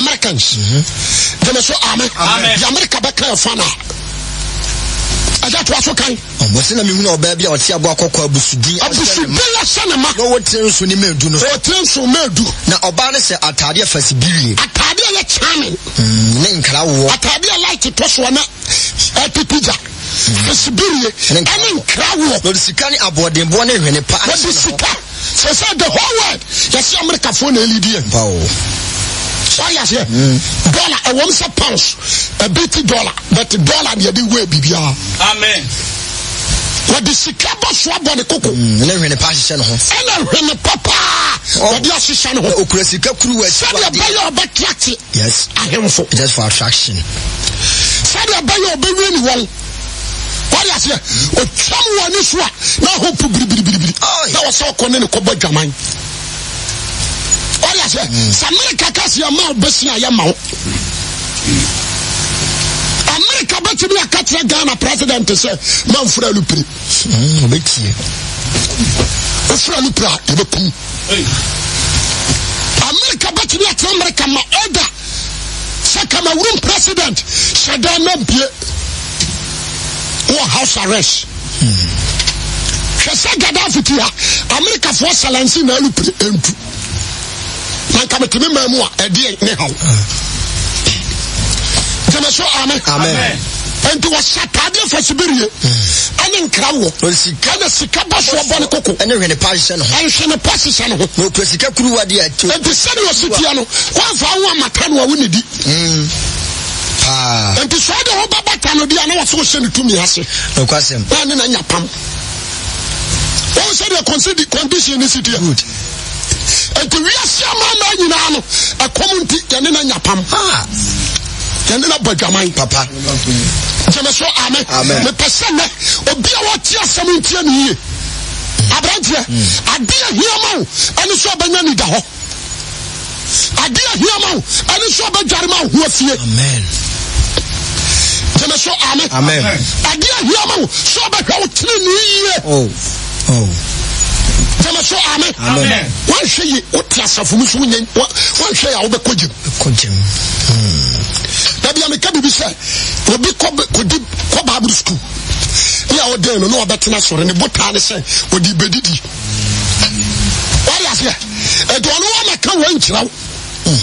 amerikans, gen mhm. me sou amen, y amerika be kre yon fwa nou. Aja twa so kan? Oh, mwen se nan mi mwen obè bi a wè ti a bwa kwa kwa e busu di. A busu di a san e man? Non wè ten yon soni men yon do nou. Wè ten yon soni men yon do? Nan obè ane se atadeye fè sibilye. Atadeye lè chan e? Nè nkraw wè. Atadeye lè ti tos wè nan? E te pija? Fè sibilye? Nè nkraw wè. Non di sika ni abwa den bwa ne yon e pa. Mwen di sika. Fè sa de ho wè. Ya si Amerika fò nè li di e. Mwen pa wè. sɔre aseɛ dɔla ɛwɔm sɛ pounds ɛbi ti dɔla bɛti dɔla deɛ de wei biribiara amen wɔde sika bɔ soa bɔ ne koko ɛna hwene pa ahyehyɛ ne ho ɛna hwene pa paa wɔde ahyehyɛ ne ho okura sika kuruwa sɛdeɛ bɛyɛ ɔbɛtrate yes ahemfo just for attraction sɛdeɛ bɛyɛ ɔbɛwie ne wɔn wari aseɛ otwam wɔ ne so a na ho pu biribiribiribiri na wɔsɛ ɔkɔ ne ne kɔbɔ dwaman ɔde aseɛ sɛ amerika kasi ama wo bɛsi a yɛma wo amerika bɛtumi aka kyerɛ ghana president sɛ mamfra no piri ɔbɛtie hmm, le no piri a yɛbɛkum e amerika bɛtumi akyerɛ amerika ma ɔda sɛ president hyɛ dan na house arrest hmm. hwɛ sɛ America ti ha amerikafoɔ salansi na anka metumi maa mu a ɛdeɛ ne haw gyeme so ame nti wɔhyɛ ataadeɛ fa sibirie ɛne nkra wɔ ɛne sika bɔ soɔ bɔ ne koko ɛne hwene pa hyehyɛ no ho ɛnhwene pa hyehyɛ no ho na ɔpɛ sika kuruwa deɛ ati nti sɛdeɛ ɔsitia no woamfa wo amata no a wo ne di mm. nti sɛ ɔde wo babata no deɛ a na wɔsɛ wohyɛ ne tumi ase nokwasɛm na ne na nya pam wɔwo sɛdeɛ condition ne sitia E kou moun ti geni nan njapam. Geni nan bwe gaman yon papa. Cheme sou ame. Mwen pesen le. O bia wote a se moun tenye. A brenche. A diye hiyo moun. E ni soube nye nida oh. ho. Oh. A diye hiyo moun. E ni soube djarman ho fye. Cheme sou ame. A diye hiyo moun. A diye hiyo moun. A diye hiyo moun. A diye hiyo moun. Amen. Wank yeye o plasa fume sou wisyoun, wank yeye oube knde? Konde. Debi anyi kebi bi se, oubi kou pabri skou. Li a oudenyo nou non, a betina sore, ne bot anyi se, oudi bedi di. Werenye e do anou ame ten o inchлов ou.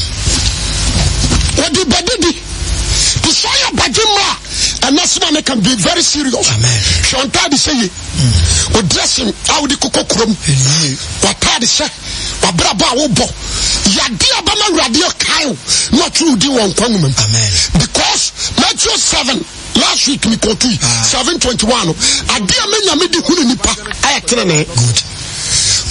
Oudi bedi di. Di soye ba jimwa. A nasman e kan be very serious. Shantay di se ye. O dresim, a ou di koko krom. Wakay di se, wabra ba ou bo. Ya di abaman radye kayo. No true di wankon men. Because, Matthew 7. Last week mi kotwi. 7.21. A di amen yamedi houni nipa. Ayak tina men.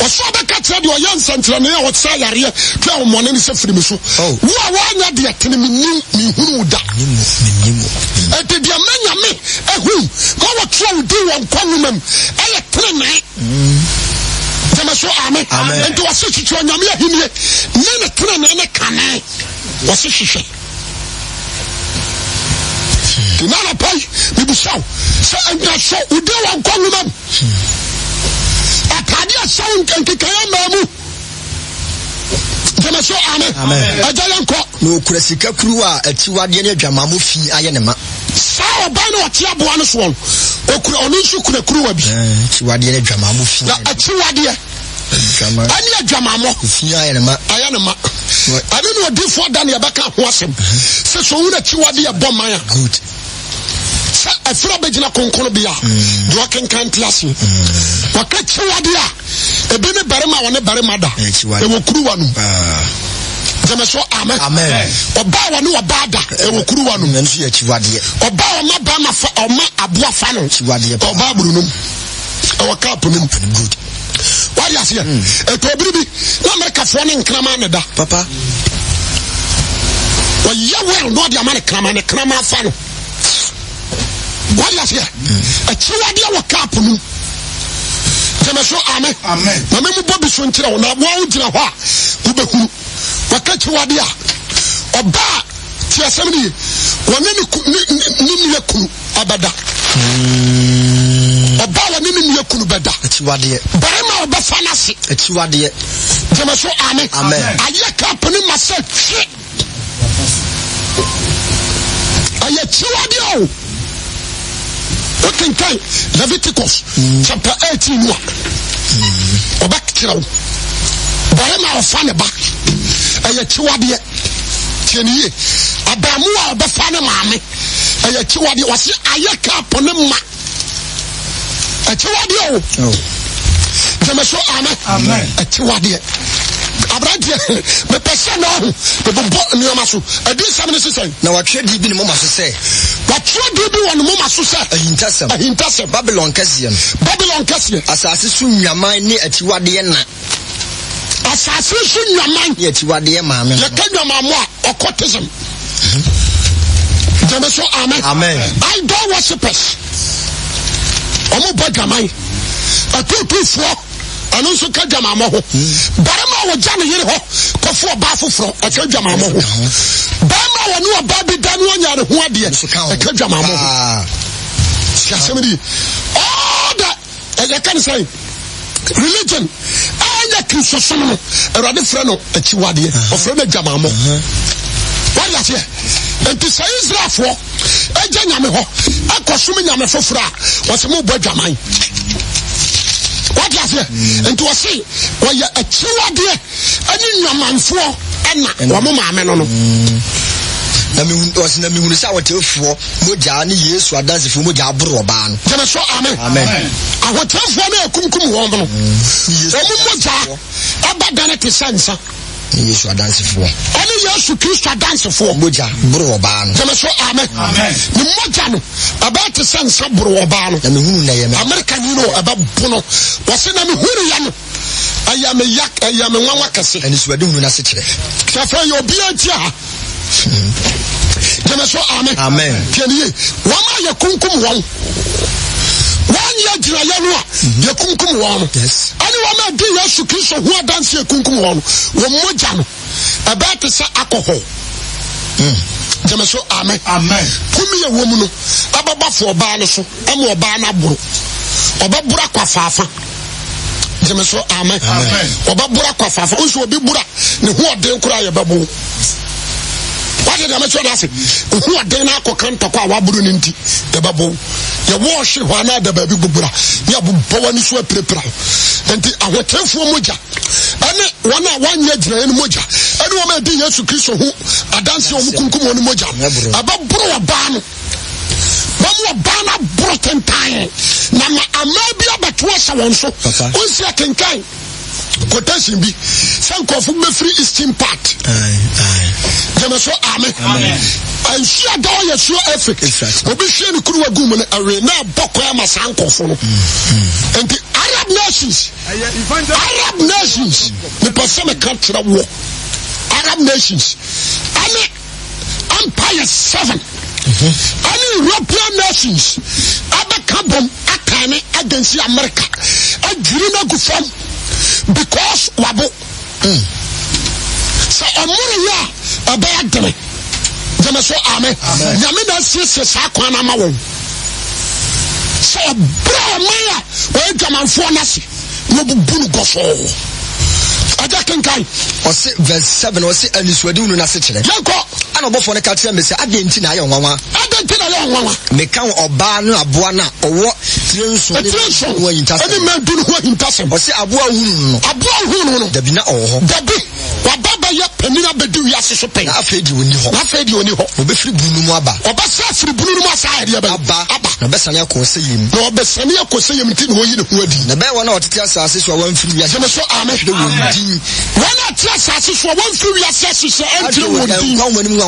Oswa dekat se diwa yon sentrenye, o tsayariye, kwen yon mwane ni se frimesu. Oh. Ou. Ou a wanya diya, teni mi nyim, mi huluda. Nyim, mwane. Nyim, mwane. E diya men yame, e hu, gwa wak chwa wade wankwanyoumen, e le trenye. Hmm. Jeme so ame. Ame. E diwa se chichwa njameye hinye, lene trenye, ene kame. Wase chichwe. Si. Dinan apay, mibishaw, se enyasyaw, wade wankwanyoumen. Si. Hmm. Si. Kadye sa yon kenke ken yon memou. Jeme se yon ame. E jayon kwa. Nou kure si ke kuru wa eti wadye ne djamamou fi ayanenman. Sa wabay nou ati ya bo ane swan. Ou kure, ou nishu kure kuru webi. E ti wadye ne djamamou fi. E ti wadye. A yon ne djamamou. Fi ayanenman. Ayanenman. A yon nou di fwa danye bekan wasem. Mm-hmm. Se sou yon eti wadye bom mayan. Good. sɛ ɛfiri abɛgyina konkono bia mm. deɛ ɔkenkan te ase mm. wɔka kyiwade a ebi ne barima wɔ ne barima da ɛwɔ eh, kuruwa no jẹmẹ ah. amen ọba wa ni ọba ada ẹwọ kuru wa nù ọba ọma bàmà fa ọma abua fa nù ọba aburu nù ẹwọ kaapu nù wàá yà siyẹ ètò obìnrin bi ní amẹrika ní nkirama ni da wọ́n yẹ wẹ́ẹ̀l ní ọdí àmà ní nkirama ní nkirama fa nù wadi aseɛ akyiriwadeɛ wɔ kaap no tẹmɛ so amen na mímu bɔ bi so nkyerɛ wọn na wọn gyina hɔ a wobɛhunu wɔka akyiwade a ɔbaa te asɛm no ye wɔne ne nua kunu abɛda hmm. ɔbaa wɔne ne nua kunu bɛda akyiwadeɛ barima a ɔbɛfa no ase akyiwadeɛ tẹmɛ so amen ayɛ kapo ne ma sɛ twe ɛyɛ akyiwadeɛ o. kenkan leviticus chapter eighteen mu a ɔbɛkyerɛ wo barima a ne ba ɛyɛ kyiwadeɛ tiɛniye abaamuwa a ɔbɛfa ne maame ɛyɛ kyiwadeɛ wasi ayɛ kaapo ne ma ɛkyiwadeɛ o jɛmɛso amen ɛkyiwadeɛ. Avray diye, me pesè nou an, me pou bò yon yon masou. E di yon samini si say. Nou wak chwe di bi yon yon masou say. Wak chwe di bi yon yon masou say. E hinta say. E hinta say. Babi lon kes yon. Babi lon kes yon. Asasisi sou nyamay ni eti wadiyen nan. Asasisi sou nyamay. Ni eti wadiyen man. Ye ten yon mamwa, okotizm. Dye me sou amen. Amen. I don't worship us. Omu boy gamay. E kou kou fwo. ɛno nso ka dwamammɔ ho barima a wɔgya ne yere hɔ kɔfo ɔbaa foforɔ ɛka dwamammɔ ho barima a wɔne ɔbaa bi da ne ɔnya ne ho adeɛ ɛka dwamammɔ ho ah. siasɛm di all the ɛyɛka ne sɛn religion ɛnyɛ kristosom no awurade frɛ no akyiwadeɛ ɔfrɛ no adwamammɔ wayaseɛ nti sɛ israelfoɔ agya nyame hɔ akɔsom nyame foforɔ a wɔsɛ mobɔ adwaman wadi aseɛ nti wɔsi wɔyɛ akyiwadeɛ ɛne nyamanfoɔ ɛna wɔn maame no no. na mihun ɔsi na mihun sɛ ahotefoɔ mogya ne yesu adansefoɔ mogya aboro ɔbaa no. jẹnɛ sɔ amen ahotefoɔ no yɛ kumkum wɔn no mm. wɔn mogya ɛbɛ dan te sɛ nsa ne yesu adansefoɔ ɛne yesu kristo adansefoɔ mogya boro ɔbaa no gyeme so amen ne mogya no ɛbɛɛ te sɛ nsa boro ɔbaa no na mehunu nɛyɛ me amerikani no ɛbɛbo no wɔse na mehuruyɛ no ɛyɛ me yak. ɛyɛ me nwanwa kɛse ɛne suade hunu no ase kyerɛ kyɛfɛ yɛ obia nti a gyeme hmm. so amen amen tiɛne ye wɔma yɛ kunkum wɔn wɔn yɛ gyinaeɛ no a yɛ kunkum wɔn no ɛne wɔn a di yesu kristo ho adansi yɛ kunkum wɔn no wɔn mogya no ɛbɛɛ te sɛ alcohol gyeme so amen tumi yɛ wɔm no ɛbɛba fo ɔbaa no so ɛma ɔbaa no bura ɔbɛboro akɔfaafa gyeme so amen Ọba bura ɔbɛboro akɔfaafa nso obi bora ne ho ɔden koraa yɛbɛbo wagye deɛ mɛkyerɛ no ase ɛhu ɔden no akɔka ntɔkɔ a waboro no nti yɛbɛbo Ya woshe wana debebi gubura. Nye bubowa niswe pripira. Ente a weten fwe moja. Ane wana wanyejne ene moja. Ane wame di yesu kriso hu. A dansi omu kum kum wane moja. Abe bro waban. Mame wabana brot entayen. Nama ame biye betwesa wansu. Un se akinkayen. Kote sinbi Sankofu me fri istin pat Jeme so ame A yon siya gwa yon siyo efek O bi shen yon kruwa gwo mwen A rey e na bokwa yon masankofu mm, mm. Enke Arab nations Arab nations Ni pasan me kap tira wo Arab nations Ani Empire 7 mm-hmm. Ani European nations A be kambon A kane adensi Amerika A jirime gufam because wabo mm. sɛ ɔmoreyɛ a ɛbɛyɛ dene gyeme so ame nyame na asiesie saa kwan no ama wɔn sɛ ɔbrɛ ɔman a ɔyɛ dwamanfoɔ no ase na ɔbubu no gɔsɔɔ ɛjɛ kinkan. ɔsi verse seven ɔsi ɛnisuadiw nuna se kyerɛ. yankɔ. ɛna ɔbɔfɔ ne ka kyerɛ mi sɛ adiɛ nti na ayɛ nwanwa. adiɛ nti na ayɛ nwanwa. mekan ɔbaa no aboa na ɔwɔ tire nson ne tire nson ɛni mɛ dunu hɔ hintasɛm. ɔsi aboa wunu no. aboa wunu no. dabi na ɔwɔ hɔ. dabi panin abɛdi wiase so pɛn. n'afɛ di oni hɔ. n'afɛ di oni hɔ. o bɛ firi bunu mu aba. ɔbɛ sɛ firi bunu mu asa yɛrɛ bɛ. aba aba. na bɛ sani akɔ se yɛm. na ɔbɛ sani akɔ se yɛm ti na oyi ne ho adi. na bɛɛ wɔn a wɔtete asase so a wɔn firi wiase. jɛnɛ so amɛ. ɛtire wɔn din. wɔn a ti asase so a wɔn firi wiase sisɛ ɛtire wɔn din. nkwa di wɔni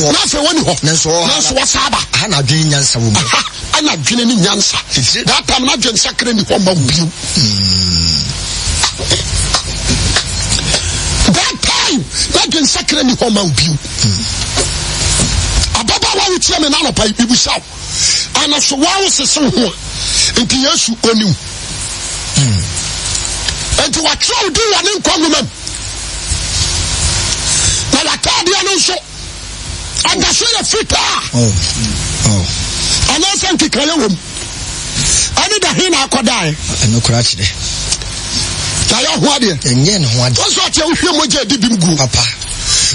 hɔ. mu. aha ana adwene ne that time na adwensakra ni hɔ ma wo bio ababaawa wo tiɛ me na anɔpa yi bibusa wo anaso waa wo sese ho a nti yesu onim nti wakyerɛ wo din wɔ ne nkwa nwoma mu na wataadeɛ no nso ada so yɛ fitaa anaasɛ nkekayɛ wɔ mu ɛne dahe na akɔdaeɛ ɛno koraa kyerɛ yàyà ho adeɛ. ɛnyɛ ne ho adeɛ. wọ́n sọ àti ɛwúhwẹ́ mọ́jà ẹ̀dí bí gu. papa.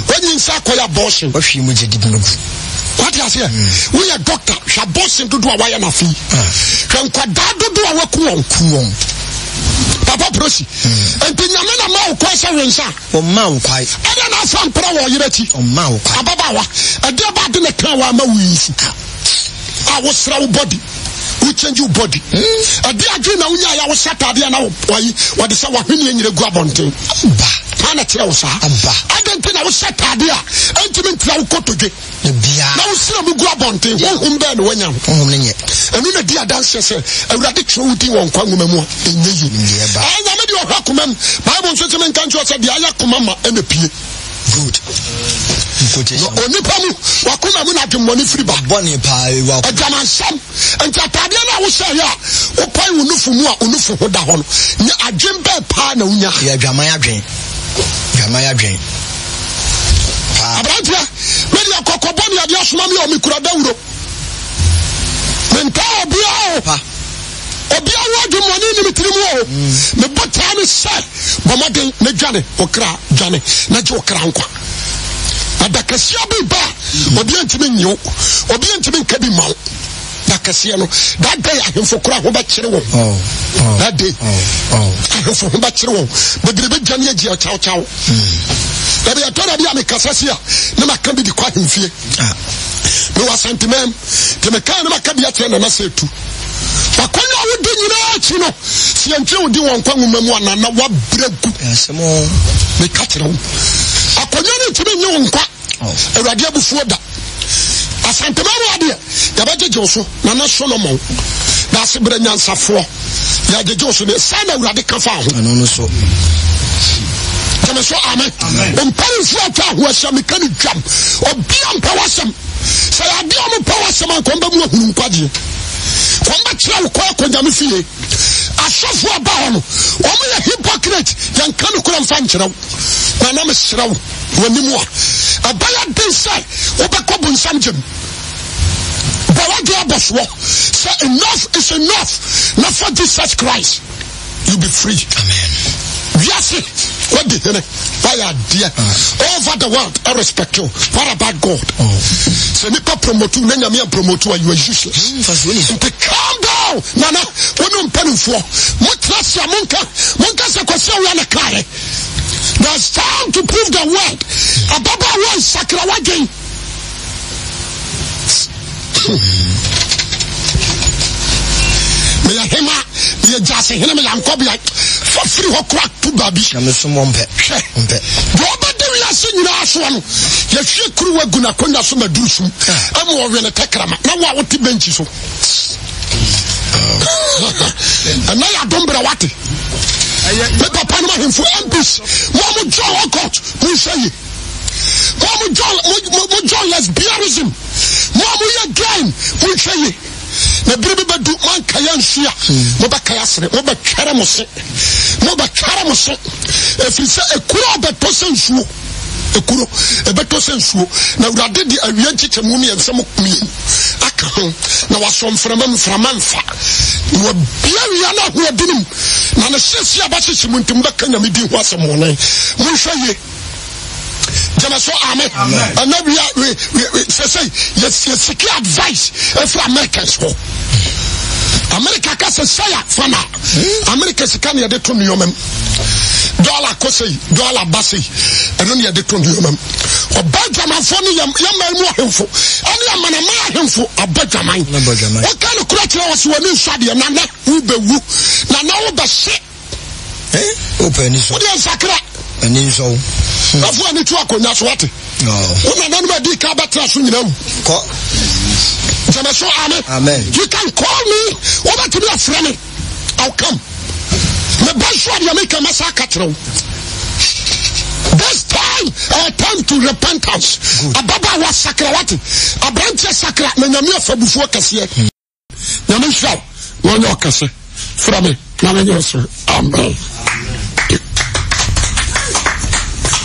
wọ́n yìí nsa akọ yà bọ́ọ̀sì. wọ́n fi mọ́jà ẹ̀dí bí mu gu. wati ase yɛ woyɛ dɔkta hwɛ bɔsin dodo a wayɛ n'afi hwɛ nkwadaa dodo a ah. waku wɔn ku wɔn papa prosi nti nyame na maa okɔ ɛsɛ wɔ nsa ɔmaa okɔ ayɛ ɛdɛ n'afa mpɛrɛ wɔ yɛrɛ ti ɔmaa okɔ ayɛ ababaawa ɛdɛ baa de ne kan wa ama wuyi nsu a wosra Ou chenji ou body hmm? A diya djou na ou nyaya ou seta diya Na ou wadi sa wakini enye de gwa bonte Amba A gen te na ou seta diya Enche men tila ou koto ge Na ou sinan mi gwa bonte Ou mbe nou enyam Enye diya dansese E uradi chou ti wankwa ngume mwa A enyame diyo wakou men Baye bon se se men kanjwa se diya A ya kou mama enye piye good onipa mu wakoma mu na adwemmɔne firi ba bɔne paa eh, adwamansɛm nti atadeɛ no a wosɛeɛ a wopɔe wo nufu mu a wo nufu da hɔ no nyɛ adwen bɛɛ paa na wonya yɛ adwaman adwen adwaman adwen aberanteɛ mede akɔkɔbɔne adeɛ asoma me yɛ ɔmekura dawuro obi ɔbiaa o Obyan waj mwani ni mitri mwawo. Ni botan ni se. Mwa maden ni janen okra janen. Nanj yo okra ankwa. A da kasi yo bi ba. Obyan jimin nyo. Obyan jimin kebi mal. Da kasi yo. Da dey a yon fokura homba chirwon. Da dey. A yon fokura homba chirwon. Bidribe janen yeji yo chaw chaw. Hmm. Ebe, yon ton a di a me kasa siya, ne ma kambi di kwa yon fye. Mwen wak senti men, di me kanya ne ma kambi non? ah, bon. oh. non, non. a tiyan, ne ma se tu. A kwen yon ou di yon a ah, eti nou, si yon ti ou di yon an kwa yon mè mwa, nan nan wap brekou. Mwen kati la ou. A kwen yon yon ti mè yon an kwa, e wadye bou fwoda. A senti men wadye, yabwa de joso, nan nan son oman, nan se brenyan sa fwa. Yadye joso, ne san nou wadye kafan ou. Nan nan son. gyeme so ame mpanimfoɔ ata ahoɔsɛm meka no dwam ɔbia mpɛ wasɛm sɛ yɛade ɔmo pɛ wasɛm a kɔm bɛmu ahunu nkwagyeɛ kɔm bɛkyerɛ wo kɔɛ kɔnyame fie asɔfoɔ ba hɔ no ɔmo yɛ hypocrite yɛnka no kora mfa nkyerɛ wo na meserɛ wo w'anim a ɛbɛyɛ den sɛ wobɛkɔ bonsam gyem bɛwɔde abɔ soɔ sɛ enough is enough na jesus christ you be free amen wiase wadi hene wayɛ over the world I respect you what about God oh. sɛ nipa promotu na nyame you useless hmm, calm down nana wo ne mpanimfoɔ mon sia monka ne there's time to prove the word nsakra Mais la hema Biye jase, hene me la mkobi la, fok fri wak wak tu gabi. Yame sou mwampe. Dwa mwen dewe yase nye la aswan, ye fie kri we guna kwenye sou me du sou. E mwen wene tekra ma, nan wawote benji sou. E nou ya donbe la wate. Mwen pa panman hin fwen anbis. Mwen mwajon wakot, mwen shenye. Mwen mwajon lesbiyarizm. Mwen mwen ye gen, mwen shenye. E bribi be dupman kayan siya, mwen hmm. be kayasre, mwen be kere mwese, mwen be kere mwese, e frise e kura be to senjou, e kura, e be to senjou, na wadid di e yonjit e mouni e vse mwok mwen, ak yon, hmm. na wason fremen freman fa, mwen byen yana mwen din mwen, nan esye siya basi si mwen ti mwen de kanya mi din wase mounen, mwen shoye. Jene sou amen Se se yi Yen se ki advice Yen sou Amerikens Amerikens se se ya fana Amerikens se kan yi ade ton yi yomen Do la kose yi Do la basi yi Yen yi ade ton yi yomen Obejaman fon yi yon mwen yon mwen yon An yon mwen yon mwen yon mwen yon Obejaman O kan kreche yon si wè ni yon sade Nan nan oube shi Obejaman ɛni nsɔ afu a tu akonya so wate. wọn nana ni di ika bɛ so nyina mu. kɔ. jɛnɛ so amen. amen. you can call me wọ́n bá ti bí mi i will come. mɛ báyìí sɔ adiɛ mi kàn mɛ sá katsirɛ o. this time our time to repentance. ababaawa sakra wate aberanteɛ sakra na nyamia fabufuo kɛseɛ. nyame nsiraw wɔn nyɛ ɔkɛse fura mi na mi nyɛ ɔsoro amen.